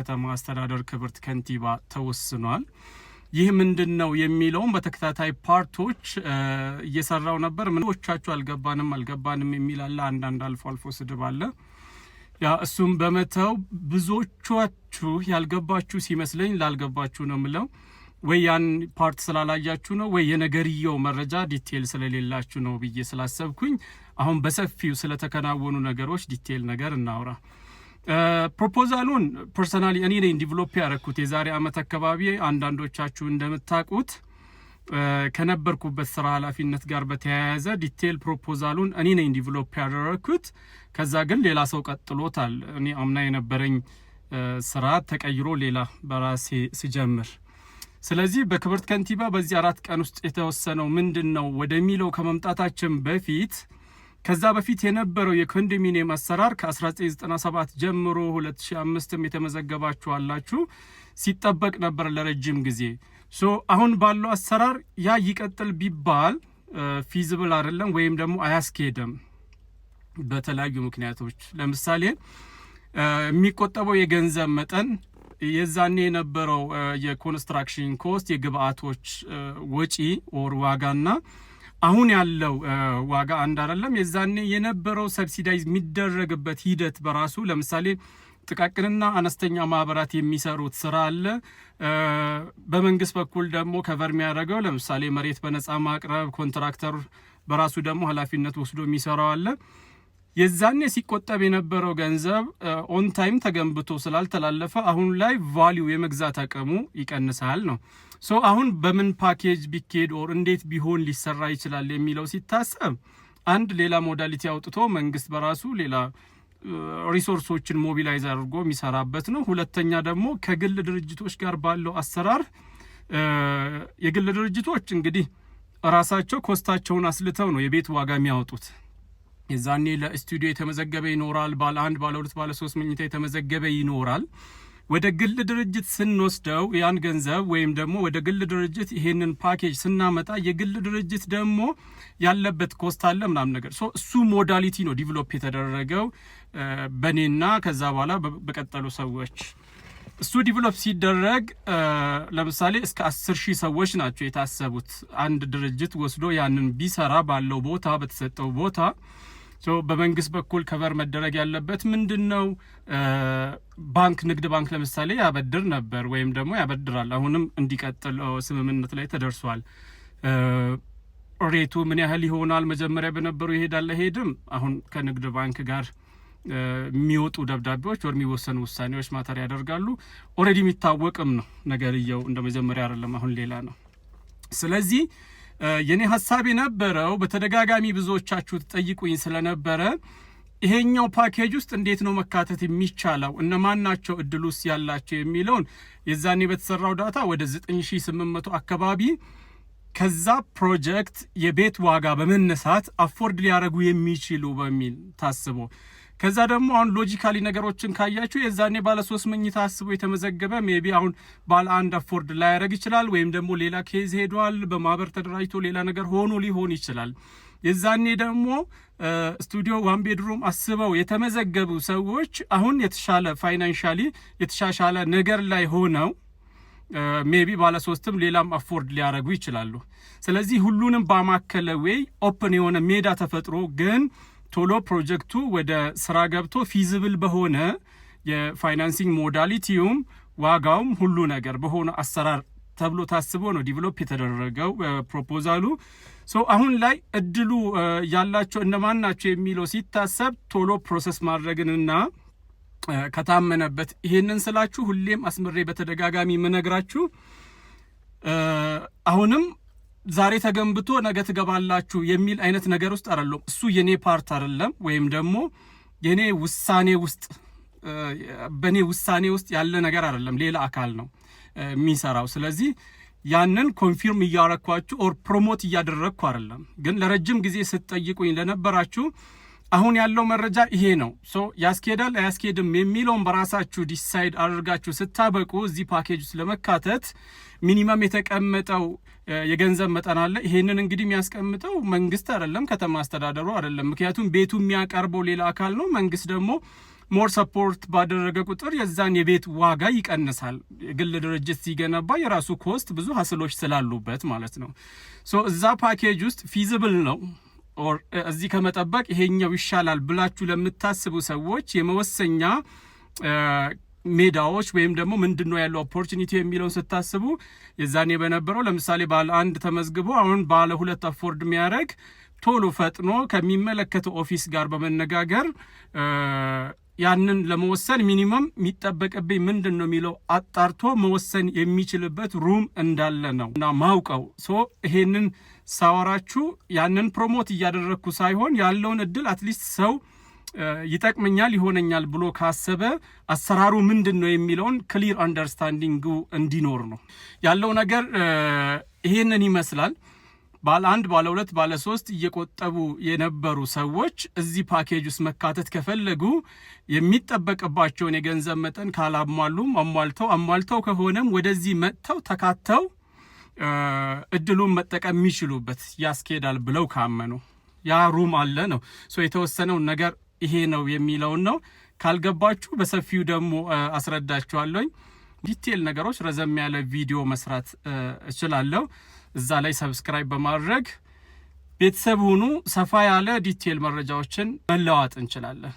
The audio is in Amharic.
ከተማ አስተዳደር ክብርት ከንቲባ ተወስኗል። ይህ ምንድን ነው የሚለውም በተከታታይ ፓርቶች እየሰራው ነበር። ምኖቻችሁ አልገባንም አልገባንም የሚል አለ። አንዳንድ አልፎ አልፎ ስድብ አለ። ያ እሱም በመተው ብዙዎቻችሁ ያልገባችሁ ሲመስለኝ ላልገባችሁ ነው ምለው ወይ ያን ፓርት ስላላያችሁ ነው ወይ የነገርየው መረጃ ዲቴል ስለሌላችሁ ነው ብዬ ስላሰብኩኝ አሁን በሰፊው ስለተከናወኑ ነገሮች ዲቴል ነገር እናውራ። ፕሮፖዛሉን ፐርሰናሊ እኔ ነኝ ዲቨሎፕ ያደረግኩት የዛሬ ዓመት አካባቢ አንዳንዶቻችሁ እንደምታውቁት ከነበርኩበት ስራ ኃላፊነት ጋር በተያያዘ ዲቴል ፕሮፖዛሉን እኔ ነኝ ዲቨሎፕ ያደረግኩት። ከዛ ግን ሌላ ሰው ቀጥሎታል። እኔ አምና የነበረኝ ስራ ተቀይሮ ሌላ በራሴ ስጀምር፣ ስለዚህ በክብርት ከንቲባ በዚህ አራት ቀን ውስጥ የተወሰነው ምንድን ነው ወደሚለው ከመምጣታችን በፊት ከዛ በፊት የነበረው የኮንዶሚኒየም አሰራር ከ1997 ጀምሮ 2005ም የተመዘገባችሁ አላችሁ ሲጠበቅ ነበር ለረጅም ጊዜ። ሶ አሁን ባለው አሰራር ያ ይቀጥል ቢባል ፊዚብል አይደለም ወይም ደግሞ አያስኬድም በተለያዩ ምክንያቶች። ለምሳሌ የሚቆጠበው የገንዘብ መጠን የዛኔ የነበረው የኮንስትራክሽን ኮስት የግብአቶች ወጪ ኦር ዋጋና አሁን ያለው ዋጋ አንድ አይደለም። የዛኔ የነበረው ሰብሲዳይዝ የሚደረግበት ሂደት በራሱ ለምሳሌ ጥቃቅንና አነስተኛ ማህበራት የሚሰሩት ስራ አለ። በመንግስት በኩል ደግሞ ከቨር የሚያደርገው ለምሳሌ መሬት በነፃ ማቅረብ፣ ኮንትራክተር በራሱ ደግሞ ኃላፊነት ወስዶ የሚሰራው አለ። የዛኔ ሲቆጠብ የነበረው ገንዘብ ኦን ታይም ተገንብቶ ስላልተላለፈ አሁን ላይ ቫሊዩ የመግዛት አቅሙ ይቀንሳል ነው። ሶ አሁን በምን ፓኬጅ ቢኬድ ኦር እንዴት ቢሆን ሊሰራ ይችላል የሚለው ሲታሰብ አንድ ሌላ ሞዳሊቲ አውጥቶ መንግስት በራሱ ሌላ ሪሶርሶችን ሞቢላይዝ አድርጎ የሚሰራበት ነው። ሁለተኛ ደግሞ ከግል ድርጅቶች ጋር ባለው አሰራር የግል ድርጅቶች እንግዲህ ራሳቸው ኮስታቸውን አስልተው ነው የቤት ዋጋ የሚያወጡት። የዛኔ ለስቱዲዮ የተመዘገበ ይኖራል። ባለ አንድ ባለ ሁለት ባለ ሶስት መኝታ የተመዘገበ ይኖራል። ወደ ግል ድርጅት ስንወስደው ያን ገንዘብ ወይም ደግሞ ወደ ግል ድርጅት ይሄንን ፓኬጅ ስናመጣ የግል ድርጅት ደግሞ ያለበት ኮስት አለ ምናምን ነገር ሶ እሱ ሞዳሊቲ ነው ዲቨሎፕ የተደረገው በእኔና ከዛ በኋላ በቀጠሉ ሰዎች። እሱ ዲቨሎፕ ሲደረግ ለምሳሌ እስከ አስር ሺህ ሰዎች ናቸው የታሰቡት። አንድ ድርጅት ወስዶ ያንን ቢሰራ ባለው ቦታ በተሰጠው ቦታ በመንግስት በኩል ከቨር መደረግ ያለበት ምንድን ነው? ባንክ ንግድ ባንክ ለምሳሌ ያበድር ነበር ወይም ደግሞ ያበድራል። አሁንም እንዲቀጥል ስምምነት ላይ ተደርሷል። ሬቱ ምን ያህል ይሆናል? መጀመሪያ በነበሩ ይሄዳል ሄድም አሁን ከንግድ ባንክ ጋር የሚወጡ ደብዳቤዎች ወር የሚወሰኑ ውሳኔዎች ማተር ያደርጋሉ። ኦልሬዲ የሚታወቅም ነው ነገርየው፣ እንደ መጀመሪያ አይደለም፣ አሁን ሌላ ነው። ስለዚህ የኔ ሀሳብ የነበረው በተደጋጋሚ ብዙዎቻችሁ ትጠይቁኝ ስለነበረ ይሄኛው ፓኬጅ ውስጥ እንዴት ነው መካተት የሚቻለው? እነማን ናቸው እድል ውስጥ ያላቸው የሚለውን የዛኔ በተሰራው ዳታ ወደ 9800 አካባቢ ከዛ ፕሮጀክት የቤት ዋጋ በመነሳት አፎርድ ሊያደርጉ የሚችሉ በሚል ታስቦ ከዛ ደግሞ አሁን ሎጂካሊ ነገሮችን ካያችሁ የዛኔ ባለ ሶስት መኝታ አስቦ የተመዘገበ ሜቢ አሁን ባለ አንድ አፎርድ ላያደረግ ይችላል። ወይም ደግሞ ሌላ ኬዝ ሄዷል፣ በማህበር ተደራጅቶ ሌላ ነገር ሆኖ ሊሆን ይችላል። የዛኔ ደግሞ ስቱዲዮ ዋን ቤድሩም አስበው የተመዘገቡ ሰዎች አሁን የተሻለ ፋይናንሻሊ የተሻሻለ ነገር ላይ ሆነው ሜቢ ባለሶስትም ሌላም አፎርድ ሊያደረጉ ይችላሉ። ስለዚህ ሁሉንም ባማከለ ወይ ኦፕን የሆነ ሜዳ ተፈጥሮ ግን ቶሎ ፕሮጀክቱ ወደ ስራ ገብቶ ፊዚብል በሆነ የፋይናንሲንግ ሞዳሊቲውም ዋጋውም ሁሉ ነገር በሆነ አሰራር ተብሎ ታስቦ ነው ዲቨሎፕ የተደረገው ፕሮፖዛሉ። ሶ አሁን ላይ እድሉ ያላቸው እነማን ናቸው የሚለው ሲታሰብ ቶሎ ፕሮሰስ ማድረግንና ከታመነበት ይሄንን ስላችሁ ሁሌም አስምሬ በተደጋጋሚ የምነግራችሁ አሁንም ዛሬ ተገንብቶ ነገ ትገባላችሁ የሚል አይነት ነገር ውስጥ አይደለም። እሱ የኔ ፓርት አይደለም፣ ወይም ደግሞ የኔ ውሳኔ ውስጥ በእኔ ውሳኔ ውስጥ ያለ ነገር አይደለም። ሌላ አካል ነው የሚሰራው። ስለዚህ ያንን ኮንፊርም እያረኳችሁ ኦር ፕሮሞት እያደረግኩ አይደለም። ግን ለረጅም ጊዜ ስትጠይቁኝ ለነበራችሁ አሁን ያለው መረጃ ይሄ ነው። ሶ ያስኬዳል አያስኬድም የሚለውን በራሳችሁ ዲሳይድ አድርጋችሁ ስታበቁ እዚህ ፓኬጅ ውስጥ ለመካተት ሚኒመም የተቀመጠው የገንዘብ መጠን አለ። ይሄንን እንግዲህ የሚያስቀምጠው መንግስት አይደለም፣ ከተማ አስተዳደሩ አይደለም። ምክንያቱም ቤቱ የሚያቀርበው ሌላ አካል ነው። መንግስት ደግሞ ሞር ሰፖርት ባደረገ ቁጥር የዛን የቤት ዋጋ ይቀንሳል። የግል ድርጅት ሲገነባ የራሱ ኮስት ብዙ ሀስሎች ስላሉበት ማለት ነው። ሶ እዛ ፓኬጅ ውስጥ ፊዚብል ነው እዚህ ከመጠበቅ ይሄኛው ይሻላል ብላችሁ ለምታስቡ ሰዎች የመወሰኛ ሜዳዎች ወይም ደግሞ ምንድን ነው ያለው ኦፖርቹኒቲ የሚለውን ስታስቡ የዛኔ በነበረው ለምሳሌ ባለ አንድ ተመዝግቦ አሁን ባለ ሁለት አፎርድ የሚያደርግ ቶሎ ፈጥኖ ከሚመለከተው ኦፊስ ጋር በመነጋገር ያንን ለመወሰን ሚኒመም የሚጠበቅብኝ ምንድን ነው የሚለው አጣርቶ መወሰን የሚችልበት ሩም እንዳለ ነው እና ማውቀው ሶ ይሄንን ሳወራችሁ ያንን ፕሮሞት እያደረግኩ ሳይሆን ያለውን እድል አትሊስት ሰው ይጠቅመኛል ይሆነኛል ብሎ ካሰበ አሰራሩ ምንድን ነው የሚለውን ክሊር አንደርስታንዲንጉ እንዲኖር ነው ያለው ነገር። ይሄንን ይመስላል። ባለ አንድ ባለ ሁለት ባለ ሶስት እየቆጠቡ የነበሩ ሰዎች እዚህ ፓኬጅ ውስጥ መካተት ከፈለጉ የሚጠበቅባቸውን የገንዘብ መጠን ካላሟሉም አሟልተው አሟልተው ከሆነም ወደዚህ መጥተው ተካተው እድሉን መጠቀም የሚችሉበት ያስኬዳል ብለው ካመኑ ያ ሩም አለ ነው። ሶ የተወሰነው ነገር ይሄ ነው የሚለውን ነው። ካልገባችሁ በሰፊው ደግሞ አስረዳችኋለኝ። ዲቴል ነገሮች ረዘም ያለ ቪዲዮ መስራት እችላለሁ። እዛ ላይ ሰብስክራይብ በማድረግ ቤተሰብ ሁኑ። ሰፋ ያለ ዲቴል መረጃዎችን መለዋወጥ እንችላለን።